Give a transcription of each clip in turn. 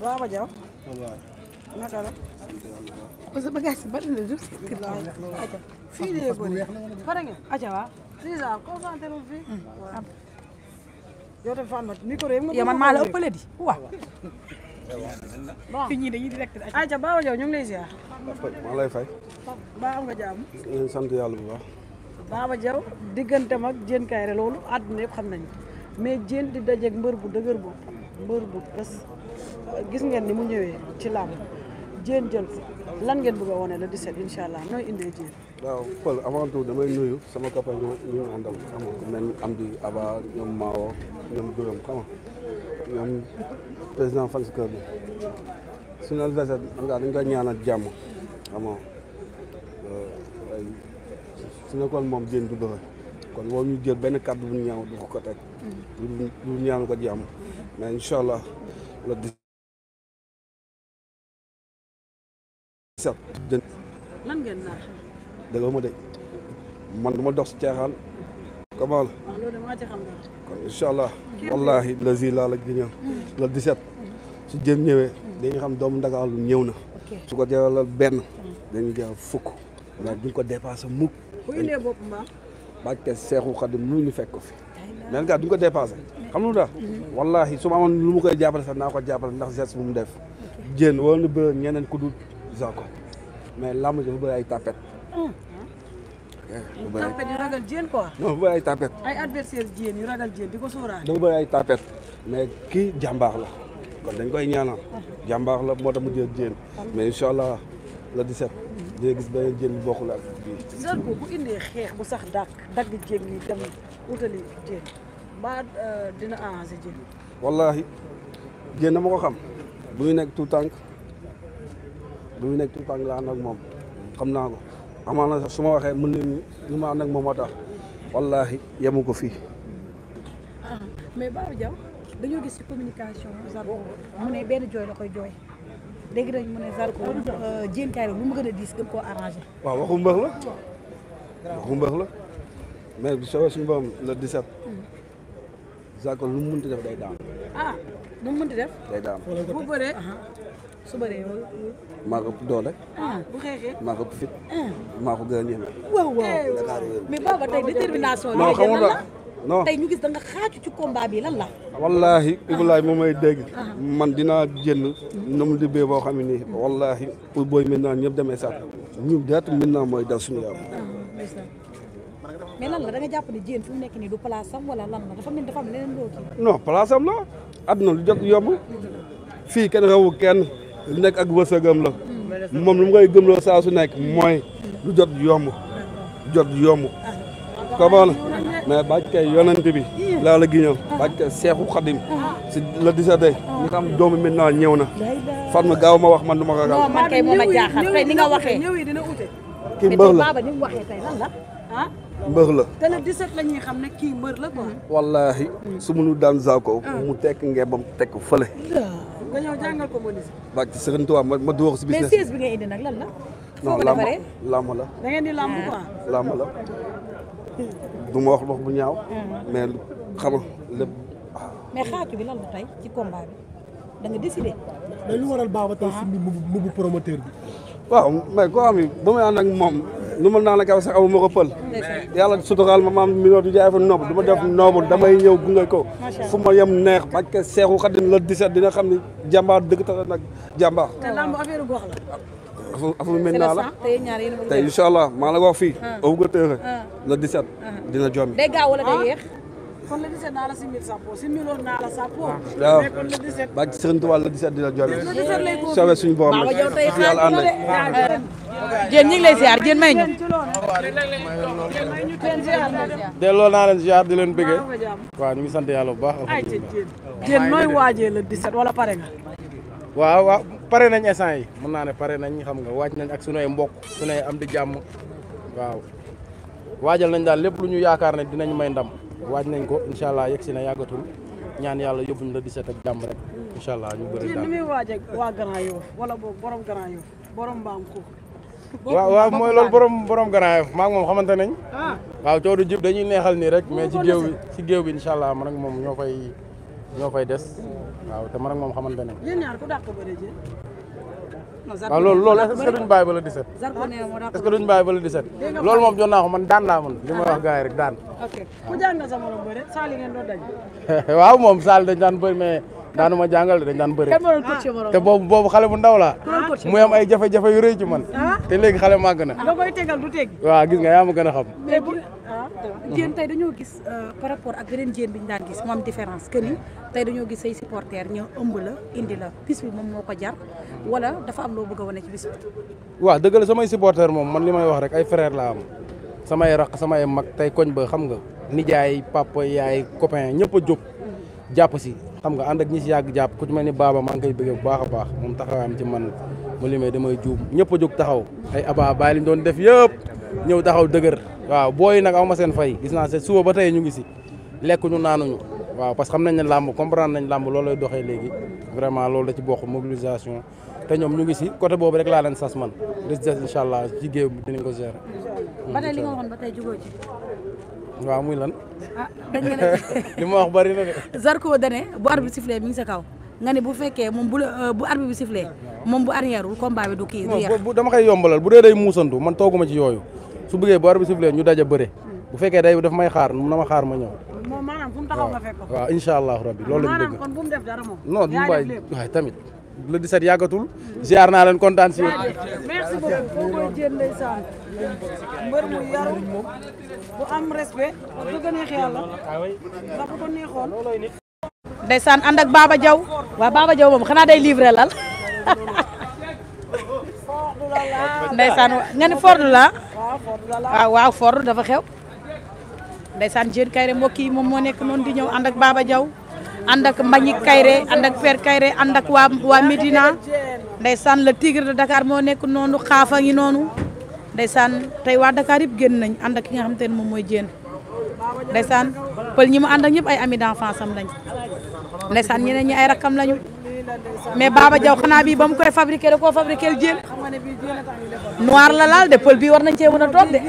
Baba Diaw. naka la. que bagage yi bari na du. fii de bëri pare ngeen. aca waaw. déjà hmm. ma man maa la ëppale di waaw. ñii dañuy direct. aca Baba Diaw ñu ngi lay ziar. maa lay fay. ba am nga jàmm. ñu sant yàlla bu baax. Baba Diaw digganteem ak Diène Kaïré loolu àdduna yëpp xam nañu mais Diène di dajeeg mbër bu dëgër bopp. mbër bu bés gis ngeen ni mu ñëwee ci làmb jéen jël lan ngeen bëgg a wane di set incha allah nooy indee jéen. waaw Paul avant tout damay nuyu sama kapa ñu ñu àndal ku mel am di Aba ñoom Mawo ñoom Dóoram xam nga ñoom président fan kër bi suñu adversaire xam nga dañ koy ñaanal jàmm xam nga euh, su nekkoon moom jéen du doole kon woo ñu jël benn kàddu bu ñaaw du ko ko teg. du du ñaan ko jàmm mais incha allah le 17. lan de man du dox si caaxaan. comment la. waaw loolu dama ci xam kon incha allah. wallaahi la gis le su jëm ñëwee. dañuy xam doomu Ndakaaru ñëw na. su ko jaralal benn. dañu jaral fukk. ndax duñ ko dépassé mukk. bu indee Seexu Xadim lu ñu fekk ko fi. mais nag du ñu ko dépassé xam nga lu tax wallaahi su ma lu mu koy jàppale sax naa ko jàppale ndax geste bu mu def jéen wala na ñeneen ku dul Zarko mais lamb ji ay tapet ah, ah. jéen quoi non dafa bëri ay tapet ay di ko sóoraale ba bëri ay tapet mais kii jàmbaar la kon dañ koy ñaanal jàmbaar la moo tax mu jël jéen mais incha la 17 dina gis beneen jéen bokkul ak bu indee xeex bu sax dàq dagg jéen ba euh, dina arrangé ji. wallaahi jéem dama ko xam. bu ñu nekk tout tànk bu mu nekk tout tànk laa ànd ak moom xam naa ko amaana sax su ma waxee mën nañu ñu ma ànd ak moom a tax wallaahi yemu ko fii. Ah, mais Baara Diaw dañoo gis si communication Zarko mu ne benn jooy la koy jooy dégg nañ mu ne Zarko euh, Diène Kaïré lu mu gën a diis gën koo arrangé. waaw waxu mbër la waxu la mais bu soobee suñu borom le Zarko lu mu mënti def day daan. ah def. day daan bu bëree. su maa ko doole. bu xeexee maa ko fit. maa ko gën a ñeme. mais booba tey détermination. non xamul la tey ñu gis da xaaju ci combat bi lan la. wallaahi Ibulaay moom may dégg. man dinaa jënd. nu mu libbee boo xam ne nii. wallaahi pour booy maintenant ñëpp demee sax. ñu deet maintenant mooy dal suñu yaram. Ah, mais lan la da nga jàpp ne Diène nekk nii du place am lan la dafa mel dafa am leneen loo kii. non àdduna lu jot yomb fii kenn rawu kenn nekk ak wësëgam la moom lu mu koy gëmloo saa su nekk mooy lu jot yomb jot yomb comprendre mais bàcc kay yonent bi laa la giñëw bàcc kay seexu xadim si la di sa day ñu xam doomu mi naa ñëw na fan ma gaaw ma wax man du ma ko gaaw ma jaaxal tey ni nga waxee kii mbër la mbër la. te le 17 la ñuy xam ne kii mbër la quoi. wallaahi su mënu daan Zarko. Ah. mu tekk ngeebam tekk fële. nga ñëw jàngal ko ci Serigne Touba ma ma du si business. bi ngay indi nag lan la. non lamb lamb la. da ah, la. du ma wax wax bu ñaaw. Ah. mais xam nga lépp. mais xaatu bi lan la tey ci combat bi da nga décidé. waral Baba tey si mbubu promoteur bi. waaw mais koo xam ne ba muy ànd ak moom. lu ma naan la kaw sax amu ma ko pël yàlla suturaal ma maam mi du jaay fa noob du ma def damay ñëw gunge ko fu ma yem neex parce que seexu xadim la 17 dina xam ni jàmbaar dëgg tax nag jàmbaar affaire mel naa la tey incha allah maa la wax fii ah. au ko tëxe la 17 dina jommi day gaaw wala day ah. yéex kon la 17 naa la simil sappo similoon naa la sappo waaw ba Sëriñ Tuubaa la 17 dina jommi soobee suñu borom la yàlla ànd jéen ñu ngi lay ziar jéen may ñu. delloo naa leen ziar di leen bëggee. waaw ñu ngi sant yàlla bu baax. alhamdulilah jéen nooy waajee la 17 wala pare waaw waaw pare nañ instant yi mën naa ne pare nañ xam nga waaj nañ ak sunuy mbokk sunuy am di jàmm waaw. waajal nañ daal lépp lu ñu yaakaar ne dinañ may ndam waaj nañ ko incha allah yegg si na yàggatul ñaan yàlla yóbbuñ la 17 ak jàmm rek incha allah ñu bëri waa Grand Yoff waaw waaw mooy lool borom borom garaaf maa ngi moom xamante nañ. Ah. waaw coow du jib dañuy neexal ni rek mais ci géew bi ci géew bi incha allah man ak moom ñoo fay ñoo fay des waaw te man ak moom xamante nañ. yéen ñaar loolu loolu est-ce que que duñ bàyyi ba le 17. moom jot naa ko man daan laa mën li may rek daan. ok waaw moom saal dañ daan bëri mais. daanu ma jàngal dañ daan bëri. te boobu boobu xale bu ndaw laa. muy am ay jafe-jafe yu rëy ci te léegi xale màgg na. nga koy tegal du teg. waaw gis nga yaa ma gën a xam. mais bu ah, tey dañoo gis euh, par rapport ak beneen jéen bi ñu daan gis moom différence que ni tey dañoo gis say supporters ñoo ëmb la indi la bis bi moom moo ko jar wala dafa am loo bëgg a wane ci bis bi. waaw dëgg la samay supporters moom man li may wax rek ay frères laa am samay raq samay mag tey koñ ba xam nga nijaay papa yaay copain ñëpp a jóg. jàpp si xam nga ànd ak ñi si yàgg jàpp ku ci mel ni baaba maa ngi koy bu baax a baax moom taxawaayam ci man mu limee damay juum ñëpp a jóg taxaw ay aba bàyyi liñ doon def yëpp ñëw taxaw dëgër waaw booy nag aw ma seen fay gis naa seen suba ba tey ñu ngi si lekkuñu naanuñu waaw parce que xam nañ ne làmb comprendre nañ làmb loolu lay doxee léegi vraiment loolu da ci bokk mobilisation te ñoom ñu ngi si côté boobu rek laa leen sas man li des incha allah ci géew bi dinañ ko gérer. Mm, ba tey li nga ba tey jubóo ah, ma wax bari na de. Zarko da ne bu si bi sifflé mi ngi sa kaw nga ne bu fekkee moom bu euh, bu arbitre bi sifflé moom bu arrière wul combat bi du kii. du dama xay yombalal bu dee day muusantu man tooguma ci yooyu su bëggee bu arbitre si sifflé ñu daja bëre bu fekkee day daf may xaar na ma xaar ma ñëw. moom maanaam fu mu taxaw nga rabbi loolu mu def dara mu bàyyi waaye tamit. le 17 yàggatul ziar naa leen kontaan si yéen. merci beaucoup boo ak Baba Diaw waaw Baba Diaw moom xanaa day livré lal ndeysaan nga ne Ford la waaw waaw dafa xew ndeysaan Diène Kaïré mbokk yi moom moo nekk noonu di ñëw ànd ak Baba Diaw ànd ak Mbagnick Kairé ànd ak Père Kairé ànd ak waa waa Médina ndeysaan le tigre de Dakar moo nekk noonu xaafa ngi noonu ndeysaan tey waa Dakar yëpp génn nañ ànd ak ki nga xam te moom mooy jén jéen ndeysaan pël ñi mu ànd ak ñëpp ay amis d'enfance am lañ ndeysaan ñeneen ñi ay rakkam lañu mais Baba Diaw xanaa bii ba mu koy fabriqué da koo fabriqué l noir la laal de pël bii war nañ cee mën a toog de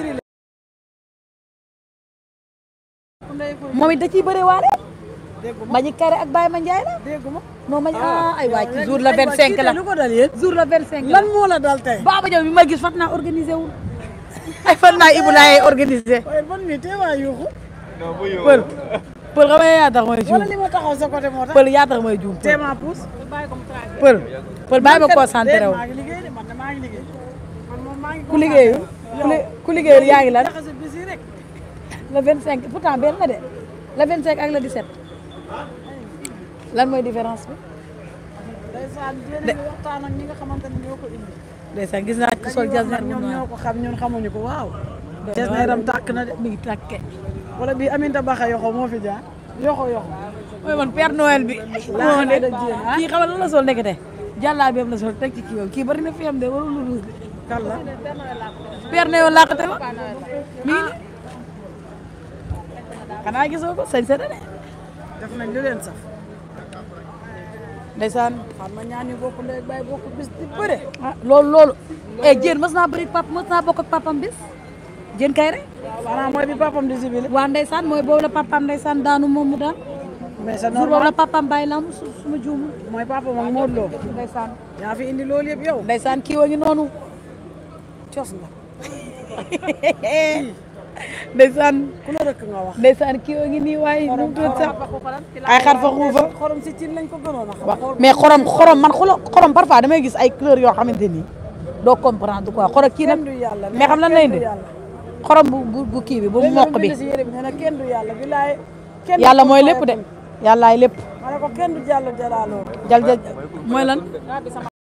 moom it da ma kare ak Baye ma Ndiaye la. dégguma non ma ah, ah, ay waay jour la 25 la lu la 25 lan moo la dal tey. Baba Diaw bi ma gis fat naa organisé wul ay fat naa Ibou Laye organisé. pël pël xam nga yaa tax may juum taxaw sa côté moo tax pël yaa tax may juum. maa puus. pël pël bàyyi ma concentré wu. ku liggéeyu ku liggéeyu yaa ngi lan. le 25 pourtant benn la de le 25 ak le 17. lan mooy différence bi. ndeysaan yéen waxtaan ak ñi nga xamante ne ñoo ko indi. ndeysaan gis naa ko sol jasneer ñoom ñoo ko xam ñun xamuñu ko waaw. jasneeram na de mi ngi tàkkee. wala bi Aminta Baxa yoxo moo fi jaar yoxo yoxo. mooy man Père bi. laa de jéem ah kii xamal lan la sol ndekete. jàllaabeem la sol teg ci kii kii bari na fi am de wala lu ruus de. kàlla Père Noël laa ko mi ngi xanaa gisoo ko sañ sa de. def nañ lu leen saf. ndeysaan. xam nga ñaan ñu bokk ndey bay bokk bis di bëre. ah loolu loolu. loolu eh jéen mës papa mës naa bokk ak papam bis. jën kay rek. waaw mooy bi papam di sibili. waaw ndeysaan mooy boobu la papam ndeysaan daanu moom mu daan. mais boobu la papam bàyyi la su ma juumul. mooy papa moom moo loo. ndeysaan. yaa fi yow. ndeysaan kii wa ngi noonu. cos nga. ndeysaan ku la rëkk nga wax ndeysaan kii waa ngi nii waaye nu mu tudd sax ay xar fa xuufa xorom si cin lañ ko a xam mais xorom xorom man xolo xorom parfois damay gis ay couleur yoo xamante ni doo comprendre quoi xorom kii nag mais xam lan lay indi xorom bu bu kii bi bu mokk bi yàlla mooy lépp de yàllaay lépp jal jal mooy lan